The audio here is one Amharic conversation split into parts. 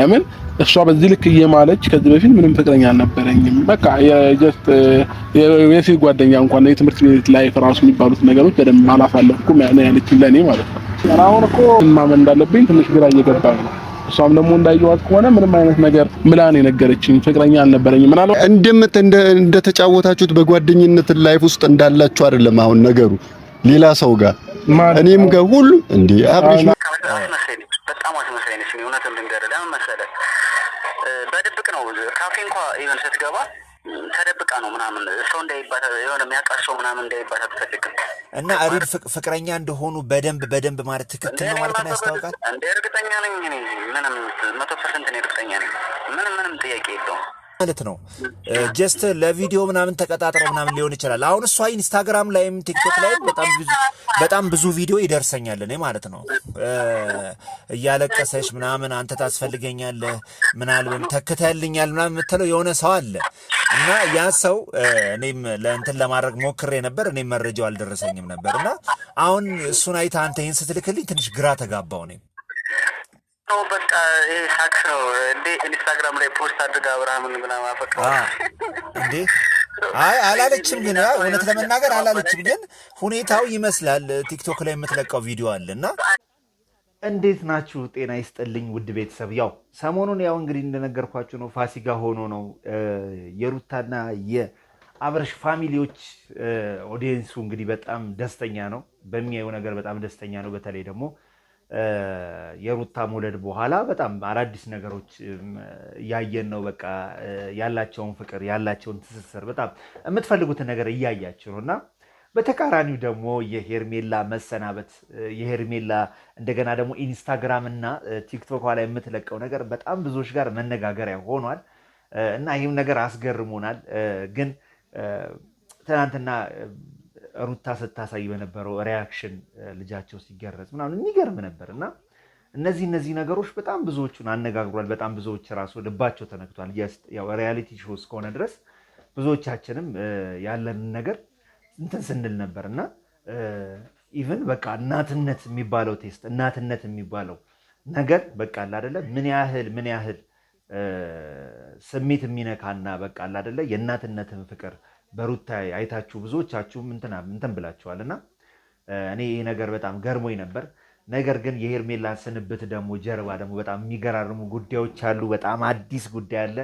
ለምን እሷ በዚህ ልክ እየማለች ከዚህ በፊት ምንም ፍቅረኛ አልነበረኝም፣ በቃ የጀስት የሴት ጓደኛ እንኳን የትምህርት ቤት ላይ ራሱ የሚባሉት ነገሮች በደንብ አላሳለፍኩም ያለች ለእኔ ማለት ነው። አሁን እኮ ማመን እንዳለብኝ ትንሽ ግራ እየገባ ነው። እሷም ደግሞ እንዳየዋት ከሆነ ምንም አይነት ነገር ምላን የነገረችኝ ፍቅረኛ አልነበረኝም። ምናልባት እንደምት እንደተጫወታችሁት በጓደኝነት ላይፍ ውስጥ እንዳላችሁ አይደለም አሁን ነገሩ ሌላ ሰው ጋር እኔም ጋር ሁሉ እንዲህ አብሬሽ በድብቅ ነው። ካፌ እንኳ ይሁን ስትገባ ተደብቃ ነው ምናምን ሰው እንዳይባታ የሆነ የሚያውቃት ሰው ምናምን እንዳይባታ ትፈልግም እና አሪድ ፍቅረኛ እንደሆኑ በደንብ በደንብ ማለት ትክክል ነው ማለት ነው ያስታውቃል። እንደ እርግጠኛ ነኝ እኔ ምንም መቶ ፐርሰንት እኔ እርግጠኛ ነኝ። ምንም ምንም ጥያቄ የለውም። ማለት ነው። ጀስት ለቪዲዮ ምናምን ተቀጣጥሮ ምናምን ሊሆን ይችላል። አሁን እሷ ኢንስታግራም ላይም ቲክቶክ ላይም በጣም ብዙ ቪዲዮ ይደርሰኛል እኔ ማለት ነው። እያለቀሰች ምናምን አንተ ታስፈልገኛለህ ምናልብም ተክተልኛል ምናምን የምትለው የሆነ ሰው አለ እና ያ ሰው እኔም ለእንትን ለማድረግ ሞክሬ ነበር። እኔም መረጃው አልደረሰኝም ነበር እና አሁን እሱን አይታ አንተ ይህን ስትልክልኝ ትንሽ ግራ ተጋባው እኔም ነው በቃ ይሄ ሳክስ ነው እንዴ? ኢንስታግራም ላይ ፖስት አድርግ አብርሃምን ምናምን አፈቀ እንዴ? አይ አላለችም፣ ግን እውነት ለመናገር አላለችም፣ ግን ሁኔታው ይመስላል። ቲክቶክ ላይ የምትለቀው ቪዲዮ አለ እና እንዴት ናችሁ? ጤና ይስጥልኝ ውድ ቤተሰብ። ያው ሰሞኑን ያው እንግዲህ እንደነገርኳችሁ ነው ፋሲካ ሆኖ ነው የሩታና የአብረሽ ፋሚሊዎች ኦዲየንሱ እንግዲህ በጣም ደስተኛ ነው፣ በሚያየው ነገር በጣም ደስተኛ ነው። በተለይ ደግሞ የሩታ መውለድ በኋላ በጣም አዳዲስ ነገሮች እያየን ነው። በቃ ያላቸውን ፍቅር ያላቸውን ትስስር በጣም የምትፈልጉትን ነገር እያያችሁ ነው እና በተቃራኒው ደግሞ የሄርሜላ መሰናበት የሄርሜላ እንደገና ደግሞ ኢንስታግራም እና ቲክቶክ ላይ የምትለቀው ነገር በጣም ብዙዎች ጋር መነጋገሪያ ሆኗል እና ይህም ነገር አስገርሞናል ግን ትናንትና ሩታ ስታሳይ በነበረው ሪያክሽን ልጃቸው ሲገረጽ ምናምን የሚገርም ነበር እና እነዚህ እነዚህ ነገሮች በጣም ብዙዎቹን አነጋግሯል። በጣም ብዙዎች ራሱ ልባቸው ተነክቷል። ያው ሪያሊቲ ሾ እስከሆነ ድረስ ብዙዎቻችንም ያለንን ነገር እንትን ስንል ነበር እና ኢቨን በቃ እናትነት የሚባለው ቴስት እናትነት የሚባለው ነገር በቃ አላደለ ምን ያህል ምን ያህል ስሜት የሚነካና በቃ አላደለ የእናትነትን ፍቅር በሩታ አይታችሁ ብዙዎቻችሁ እንትን ብላችኋል እና እኔ ይህ ነገር በጣም ገርሞኝ ነበር። ነገር ግን የሄርሜላን ስንብት ደግሞ ጀርባ ደግሞ በጣም የሚገራርሙ ጉዳዮች አሉ። በጣም አዲስ ጉዳይ አለ።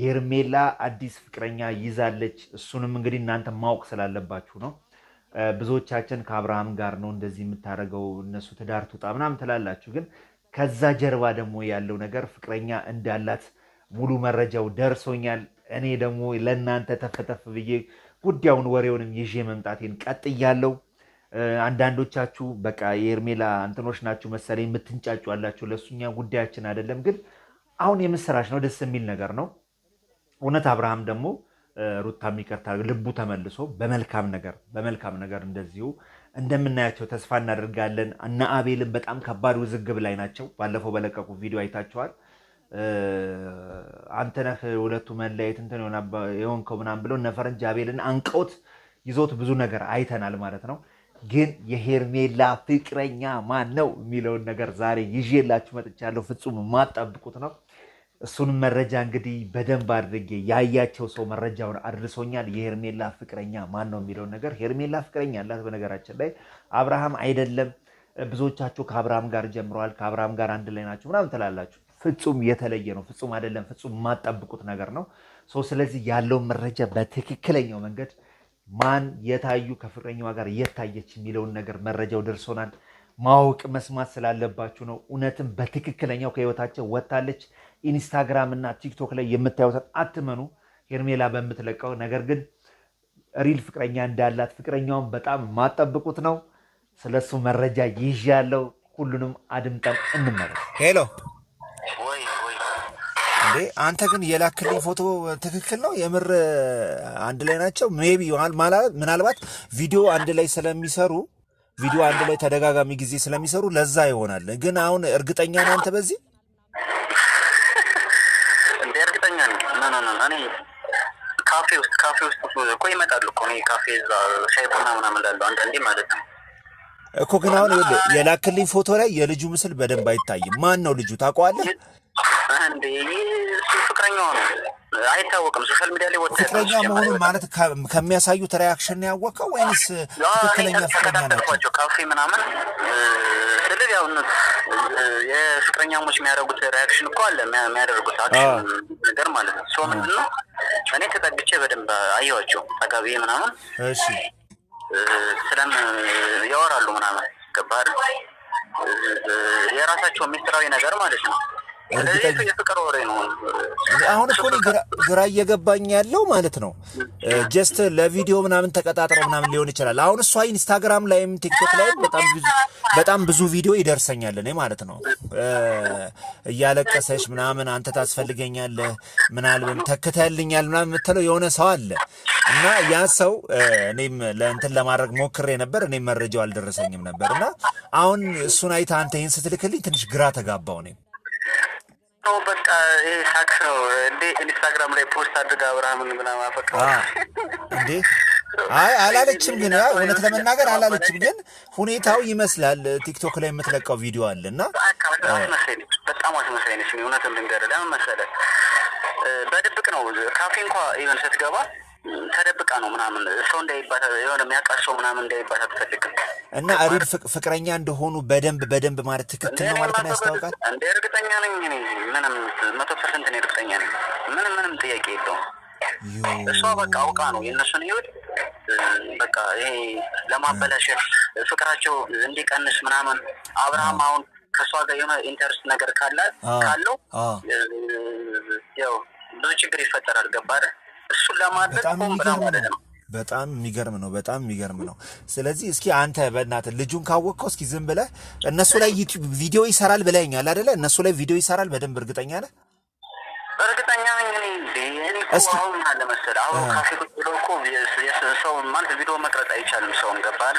የሄርሜላ አዲስ ፍቅረኛ ይዛለች። እሱንም እንግዲህ እናንተ ማወቅ ስላለባችሁ ነው። ብዙዎቻችን ከአብርሃም ጋር ነው እንደዚህ የምታደርገው እነሱ ትዳር ትውጣ ምናምን ትላላችሁ። ግን ከዛ ጀርባ ደግሞ ያለው ነገር ፍቅረኛ እንዳላት ሙሉ መረጃው ደርሶኛል። እኔ ደግሞ ለእናንተ ተፈተፍ ብዬ ጉዳዩን ወሬውንም ይዤ መምጣቴን ቀጥያለሁ። አንዳንዶቻችሁ በቃ የኤርሜላ እንትኖች ናችሁ መሰለኝ የምትንጫጩ አላችሁ። ለእሱኛ ጉዳያችን አይደለም፣ ግን አሁን የምስራች ነው። ደስ የሚል ነገር ነው። እውነት አብርሃም ደግሞ ሩታ የሚቀርታ ልቡ ተመልሶ በመልካም ነገር በመልካም ነገር እንደዚሁ እንደምናያቸው ተስፋ እናደርጋለን። እነ አቤልም በጣም ከባድ ውዝግብ ላይ ናቸው። ባለፈው በለቀቁ ቪዲዮ አይታችኋል። አንተ ነህ ሁለቱ መለያየት እንትን የሆንከው ምናምን ብለው እነ ፈረንጅ አቤልን አንቀውት ይዞት ብዙ ነገር አይተናል ማለት ነው። ግን የሄርሜላ ፍቅረኛ ማን ነው የሚለውን ነገር ዛሬ ይዤላችሁ መጥቻለሁ። ፍጹም የማጠብቁት ነው። እሱን መረጃ እንግዲህ በደንብ አድርጌ ያያቸው ሰው መረጃውን አድርሶኛል። የሄርሜላ ፍቅረኛ ማን ነው የሚለውን ነገር ሄርሜላ ፍቅረኛ አላት። በነገራችን ላይ አብርሃም አይደለም። ብዙዎቻችሁ ከአብርሃም ጋር ጀምረዋል፣ ከአብርሃም ጋር አንድ ላይ ናቸው ምናምን ትላላችሁ ፍጹም የተለየ ነው። ፍጹም አይደለም፣ ፍጹም የማጠብቁት ነገር ነው። ስለዚህ ያለውን መረጃ በትክክለኛው መንገድ ማን የታዩ ከፍቅረኛዋ ጋር የታየች የሚለውን ነገር መረጃው ደርሶናል። ማወቅ መስማት ስላለባችሁ ነው። እውነትም በትክክለኛው ከህይወታቸው ወጥታለች። ኢንስታግራም እና ቲክቶክ ላይ የምታዩትን አትመኑ፣ ሄርሜላ በምትለቀው ነገር ግን ሪል ፍቅረኛ እንዳላት ፍቅረኛውን በጣም የማጠብቁት ነው። ስለሱ መረጃ ይዣ ያለው ሁሉንም አድምጠን እንመለስ። ሄሎ አንተ ግን የላክልኝ ፎቶ ትክክል ነው? የምር አንድ ላይ ናቸው? ሜቢ ምናልባት ቪዲዮ አንድ ላይ ስለሚሰሩ ቪዲዮ አንድ ላይ ተደጋጋሚ ጊዜ ስለሚሰሩ ለዛ ይሆናል። ግን አሁን እርግጠኛ ነህ አንተ በዚህ እንደ እርግጠኛ ነኝ። እኔ ካፌ ውስጥ ካፌ ውስጥ እኮ ይመጣሉ እኮ እኔ ካፌ እዛ ሻይ ቡና ምናምን እላለሁ አንዳንዴ ማለት ነው እኮ ግን አሁን የላክልኝ ፎቶ ላይ የልጁ ምስል በደንብ አይታይም። ማን ነው ልጁ ታውቀዋለህ? እንዴ ፍቅረኛው ነው አይታወቅም። ሶሻል ሚዲያ ላይ ወጣ ፍቅረኛ መሆኑን ማለት ከሚያሳዩት ሪያክሽን ያወቀው ወይንስ ትክክለኛ ፍቅረኛ ናቸው? ካፌ ምናምን ስልል ያው የፍቅረኛሞች የሚያደርጉት ሪያክሽን እኮ አለ የሚያደርጉት አክሽን ነገር ማለት ነው። ሶ ምንድን ነው እኔ ተጠግቼ በደንብ አየኋቸው ጠጋቢ ምናምን ስለም ያወራሉ ምናምን ገባህ የራሳቸው ሚስጥራዊ ነገር ማለት ነው አሁን እኮ ግራ እየገባኝ ያለው ማለት ነው። ጀስት ለቪዲዮ ምናምን ተቀጣጥሮ ምናምን ሊሆን ይችላል። አሁን እሷ ኢንስታግራም ላይም ቲክቶክ ላይም በጣም ብዙ ቪዲዮ ይደርሰኛል እኔ ማለት ነው። እያለቀሰች ምናምን አንተ ታስፈልገኛለህ ምናልብም ተክተልኛል ምናምን የምትለው የሆነ ሰው አለ እና ያ ሰው እኔም ለእንትን ለማድረግ ሞክሬ ነበር። እኔም መረጃው አልደረሰኝም ነበር እና አሁን እሱን አይታ አንተ ይህን ስትልክልኝ ትንሽ ግራ ተጋባው እኔም ነው በቃ ይሄ ሳክስ ነው እንዴ? ኢንስታግራም ላይ ፖስት አድርጋ አብርሃምን ምናምን አፈቀ እንዴ? አይ አላለችም፣ ግን እውነት ለመናገር አላለችም፣ ግን ሁኔታው ይመስላል። ቲክቶክ ላይ የምትለቀው ቪዲዮ አለ እና በጣም አስመሳይነች። እውነት ልንገርህ፣ ለምን መሰለህ በድብቅ ነው ካፌ እንኳ ኢቨን ስትገባ ነው ምናምን ሰው እንዳይባታ የሆነ ሰው ምናምን እንዳይባታ አትፈልግም። እና ሪድ ፍቅረኛ እንደሆኑ በደንብ በደንብ ማለት ትክክል ነው ማለት ነው ያስታውቃል። እንደ እርግጠኛ ነኝ እኔ ምንም መቶ ፐርሰንት እኔ እርግጠኛ ነኝ። ምንም ምንም ጥያቄ የለውም። እሷ በቃ አውቃ ነው የእነሱን ህይወት በቃ ይሄ ለማበላሸት ፍቅራቸው እንዲቀንስ ምናምን አብርሃም አሁን ከእሷ ጋር የሆነ ኢንተርስት ነገር ካለ ካለው ያው ብዙ ችግር ይፈጠራል። ገባህ እሱን ለማድረግ ሆን ብላ አይደለም። በጣም የሚገርም ነው። በጣም የሚገርም ነው። ስለዚህ እስኪ አንተ በእናት ልጁን ካወቅከው እስኪ ዝም ብለህ እነሱ ላይ ዩቲዩብ ቪዲዮ ይሰራል ብለኛል አደለ? እነሱ ላይ ቪዲዮ ይሰራል። በደንብ እርግጠኛ ነህ? እርግጠኛ አሁን አለ አሁን ካፌ ቁጭ ብሎ እኮ ሰው ማለት ቪዲዮ መቅረጽ አይቻልም። ሰውን ገባል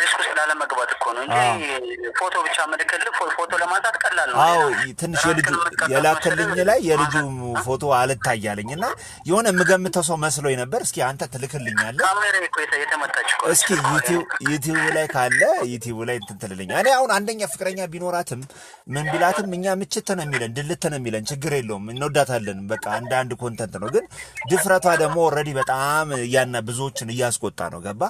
ሪስክ ውስጥ ላለመግባት እኮ ነው እንጂ ፎቶ ብቻ ምልክል ፎቶ ለማንሳት ቀላል ነው። አዎ ትንሽ የልጁ የላከልኝ ላይ የልጁ ፎቶ አልታያለኝ እና የሆነ የምገምተው ሰው መስሎኝ ነበር። እስኪ አንተ ትልክልኛለህ። እስኪ ዩቲዩብ ላይ ካለ ዩቲዩብ ላይ እንትን ትልልኛለህ። እኔ አሁን አንደኛ ፍቅረኛ ቢኖራትም ምን ቢላትም እኛ ምችት ነው የሚለን ድልት ነው የሚለን ችግር የለውም እንወዳታለን። በቃ እንደ አንድ ኮንተንት ነው። ግን ድፍረቷ ደግሞ ኦልሬዲ በጣም እያና ብዙዎችን እያስቆጣ ነው ገባ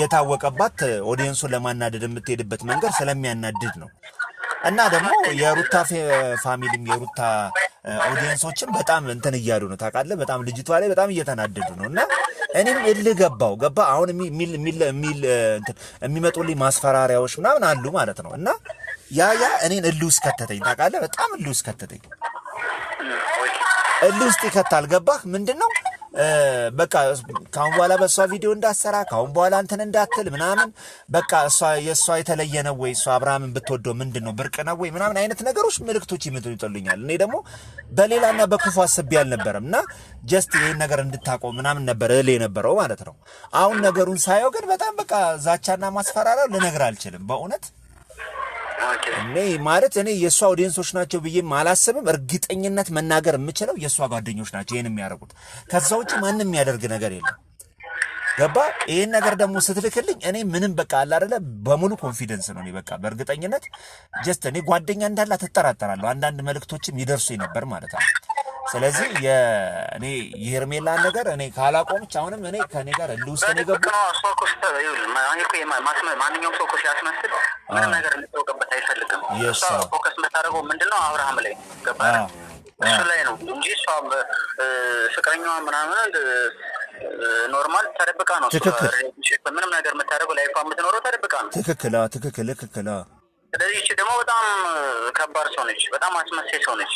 የታወቀባት ኦዲየንሱን ለማናደድ የምትሄድበት መንገድ ስለሚያናድድ ነው። እና ደግሞ የሩታ ፋሚሊም የሩታ ኦዲየንሶችን በጣም እንትን እያሉ ነው ታውቃለህ። በጣም ልጅቷ ላይ በጣም እየተናደዱ ነው። እና እኔም እልህ ገባው ገባ። አሁን የሚመጡልኝ ማስፈራሪያዎች ምናምን አሉ ማለት ነው። እና ያ ያ እኔን እልህ ውስጥ ከተተኝ ታውቃለህ። በጣም እልህ ውስጥ ከተተኝ፣ እልህ ውስጥ ይከታል። ገባህ ምንድን ነው በቃ ካሁን በኋላ በእሷ ቪዲዮ እንዳሰራ ካሁን በኋላ አንተን እንዳትል ምናምን በቃ እሷ የእሷ የተለየ ነው ወይ እሷ አብርሃምን ብትወደው ምንድን ነው ብርቅ ነው ወይ ምናምን አይነት ነገሮች ምልክቶች ይመጡልኛል። እኔ ደግሞ በሌላና በክፉ አስቤ አልነበረም እና ጀስት ይህን ነገር እንድታቆም ምናምን ነበር እል የነበረው ማለት ነው። አሁን ነገሩን ሳየው ግን በጣም በቃ ዛቻና ማስፈራሪያው ልነግር አልችልም በእውነት እኔ ማለት እኔ የእሷ ኦዲየንሶች ናቸው ብዬም አላስብም። እርግጠኝነት መናገር የምችለው የእሷ ጓደኞች ናቸው ይህን የሚያደርጉት። ከዛ ውጭ ማንም የሚያደርግ ነገር የለም። ገባ? ይህን ነገር ደግሞ ስትልክልኝ እኔ ምንም በቃ አላደለ በሙሉ ኮንፊደንስ ነው። በቃ በእርግጠኝነት ጀስት እኔ ጓደኛ እንዳላ ትጠራጠራለሁ። አንዳንድ መልእክቶችም ይደርሱ ነበር ማለት ነው። ስለዚህ እኔ የሄርሜላን ነገር እኔ ካላቆምች አሁንም እኔ ከኔ ጋር እል ውስጥ ነው የገቡ ማንኛውም ሰው እኮ ሲያስመስል ምንም ነገር እንድታውቅበት አይፈልግም። ፎከስ የምታደርገው ምንድነው አብርሃም ላይ ገባ እሱ ላይ ነው እንጂ እሷ ፍቅረኛዋ ምናምን ኖርማል ተደብቃ ነው። ምንም ነገር የምታደርገው ላይፏ የምትኖረው ተደብቃ ነው። ትክክል ትክክል ትክክል ስለዚህ እቺ ደግሞ በጣም ከባድ ሰው ነች፣ በጣም አስመሳይ ሰው ነች።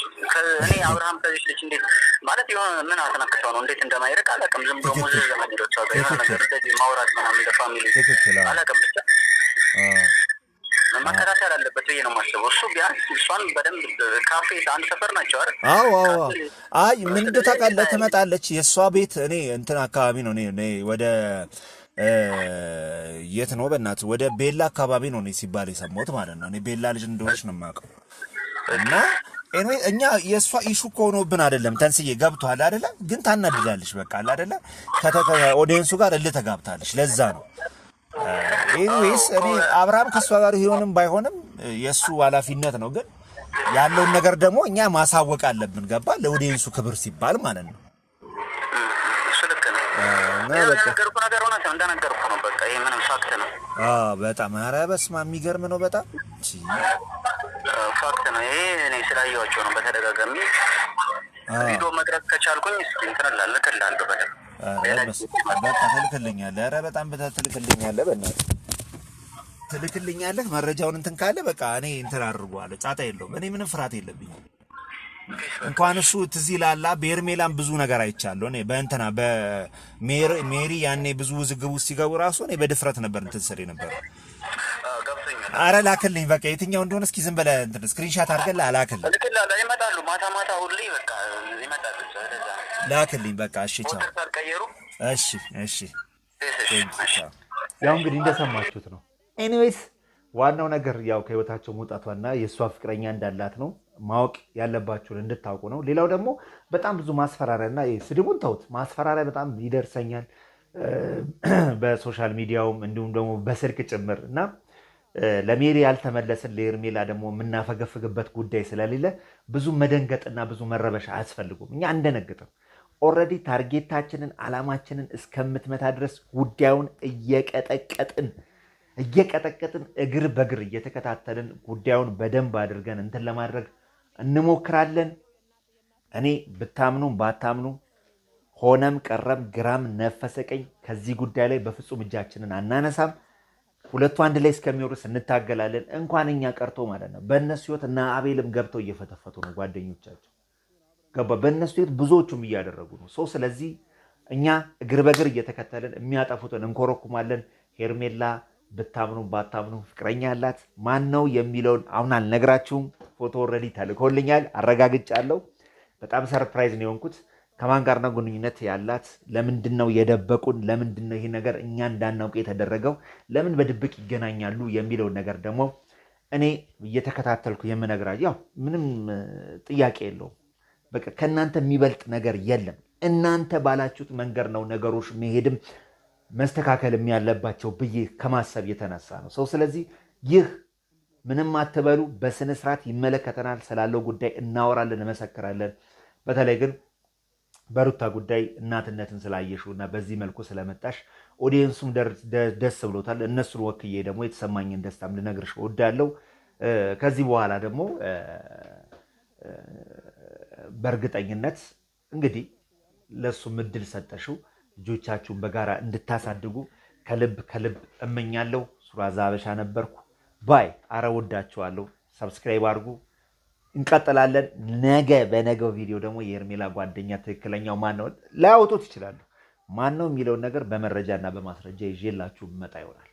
እኔ አብርሃም ከዚች ልጅ እንዴት ማለት የሆነ ምን አስነክሰው ነው እንዴት እንደማይርቅ አላውቅም። ዝም ብሎ ሙዝ ዘመዶች አሉ የሆነ ነገር እንደዚህ ማውራት ምናምን ለፋሚሊ አላውቅም። ብቻ መከታተል አለበት ብዬ ነው የማስበው። እሱ ቢያንስ እሷን በደንብ ካፌ አንድ ሰፈር ናቸው አይደል? አዎ አዎ። አይ ምን እንደታውቃለህ፣ ትመጣለች የእሷ ቤት እኔ እንትን አካባቢ ነው እኔ ወደ የት ነው በእናት ወደ ቤላ አካባቢ ነው ሲባል የሰማሁት ማለት ነው። እኔ ቤላ ልጅ እንደሆነች ነው የማውቀው። እና እኛ የእሷ ኢሹ ከሆኖብን አደለም ተንስዬ ገብቷል አደለ፣ ግን ታናድዳለች። በቃ አደለ አይደለ? ጋር እልህ ተጋብታለች። ለዛ ነው ኤኒዌይስ እኔ አብርሃም ከእሷ ጋር ሆንም ባይሆንም የእሱ ኃላፊነት ነው። ግን ያለውን ነገር ደግሞ እኛ ማሳወቅ አለብን። ገባ ለኦዲየንሱ ክብር ሲባል ማለት ነው። በጣም ኧረ በስመ አብ የሚገርም ነው። በጣም ፋክት ነው ይሄ። እኔ ስላየኋቸው ነው በተደጋጋሚ ቪዲዮ መቅረጽ ከቻልኩኝ ትልክልኛለህ። ኧረ በጣም ትልክልኛለህ፣ በእናትህ ትልክልኛለህ። መረጃውን እንትን ካለ በቃ እኔ እንትን አድርጓለ አለ ጫታ የለውም። እኔ ምንም ፍርሃት የለብኝም። እንኳን እሱ ትዝ ይላላ በኤርሜላም ብዙ ነገር አይቻለሁ። እኔ በእንትና በሜሪ ያኔ ብዙ ውዝግብ ውስጥ ሲገቡ ራሱ እኔ በድፍረት ነበር እንትን ስል ነበር። አረ ላክልኝ፣ በቃ የትኛው እንደሆነ እስኪ ዝም በለ ስክሪንሻት አድርገን ላክልኝ። ይመጣሉ፣ ማታ ማታ ሁሌ በቃ ይመጣሉ። ላክልኝ፣ በቃ እሺ፣ ቻው። እሺ፣ እሺ። ያው እንግዲህ እንደሰማችሁት ነው። ኤኒዌይስ ዋናው ነገር ያው ከህይወታቸው መውጣቷና የእሷ ፍቅረኛ እንዳላት ነው። ማወቅ ያለባችሁን እንድታውቁ ነው። ሌላው ደግሞ በጣም ብዙ ማስፈራሪያ እና ስድቡን ተውት። ማስፈራሪያ በጣም ይደርሰኛል በሶሻል ሚዲያውም እንዲሁም ደግሞ በስልክ ጭምር እና ለሜሪ ያልተመለስን ለኤርሜላ ደግሞ የምናፈገፍግበት ጉዳይ ስለሌለ ብዙ መደንገጥና ብዙ መረበሻ አያስፈልጉም። እኛ አንደነግጥም። ኦልሬዲ ታርጌታችንን አላማችንን እስከምትመታ ድረስ ጉዳዩን እየቀጠቀጥን እየቀጠቀጥን እግር በእግር እየተከታተልን ጉዳዩን በደንብ አድርገን እንትን ለማድረግ እንሞክራለን። እኔ ብታምኑም ባታምኑ ሆነም ቀረም ግራም ነፈሰ ቀኝ ከዚህ ጉዳይ ላይ በፍጹም እጃችንን አናነሳም። ሁለቱ አንድ ላይ እስከሚወርስ እንታገላለን። እንኳን እኛ ቀርቶ ማለት ነው በእነሱ ህይወት እና አቤልም ገብተው እየፈተፈቱ ነው ጓደኞቻቸው ገባ። በእነሱ ህይወት ብዙዎቹም እያደረጉ ነው ሰው። ስለዚህ እኛ እግር በእግር እየተከተልን የሚያጠፉትን እንኮረኩማለን። ሄርሜላ ብታምኑ ባታምኑ ፍቅረኛ ያላት ማን ነው የሚለውን አሁን አልነግራችሁም። ፎቶ ኦልሬዲ ተልኮልኛል፣ አረጋግጫለሁ። በጣም ሰርፕራይዝ ነው የሆንኩት። ከማን ጋር ነው ግንኙነት ያላት? ለምንድን ነው የደበቁን? ለምንድን ነው ይሄ ነገር እኛ እንዳናውቅ የተደረገው? ለምን በድብቅ ይገናኛሉ የሚለውን ነገር ደግሞ እኔ እየተከታተልኩ የምነግራችሁ ያው ምንም ጥያቄ የለውም። በቃ ከእናንተ የሚበልጥ ነገር የለም። እናንተ ባላችሁት መንገድ ነው ነገሮች መሄድም መስተካከልም ያለባቸው ብዬ ከማሰብ የተነሳ ነው ሰው ስለዚህ ይህ ምንም አትበሉ፣ በስነ ስርዓት ይመለከተናል፣ ስላለው ጉዳይ እናወራለን፣ እመሰክራለን። በተለይ ግን በሩታ ጉዳይ እናትነትን ስላየሽው እና በዚህ መልኩ ስለመጣሽ ኦዲየንሱም ደስ ብሎታል። እነሱን ወክዬ ደግሞ የተሰማኝን ደስታም ልነግርሽ እወዳለሁ። ከዚህ በኋላ ደግሞ በእርግጠኝነት እንግዲህ ለእሱ ምድል ሰጠሽው፣ ልጆቻችሁን በጋራ እንድታሳድጉ ከልብ ከልብ እመኛለሁ። ሱራዛ አበሻ ነበርኩ። ባይ። አረ ወዳችኋለሁ። ሰብስክራይብ አድርጉ። እንቀጥላለን። ነገ በነገው ቪዲዮ ደግሞ የሄርሜላ ጓደኛ ትክክለኛው ማን ነው ላያወጡት ይችላሉ። ማን ነው የሚለውን ነገር በመረጃ እና በማስረጃ ይዤላችሁ መጣ ይሆናል።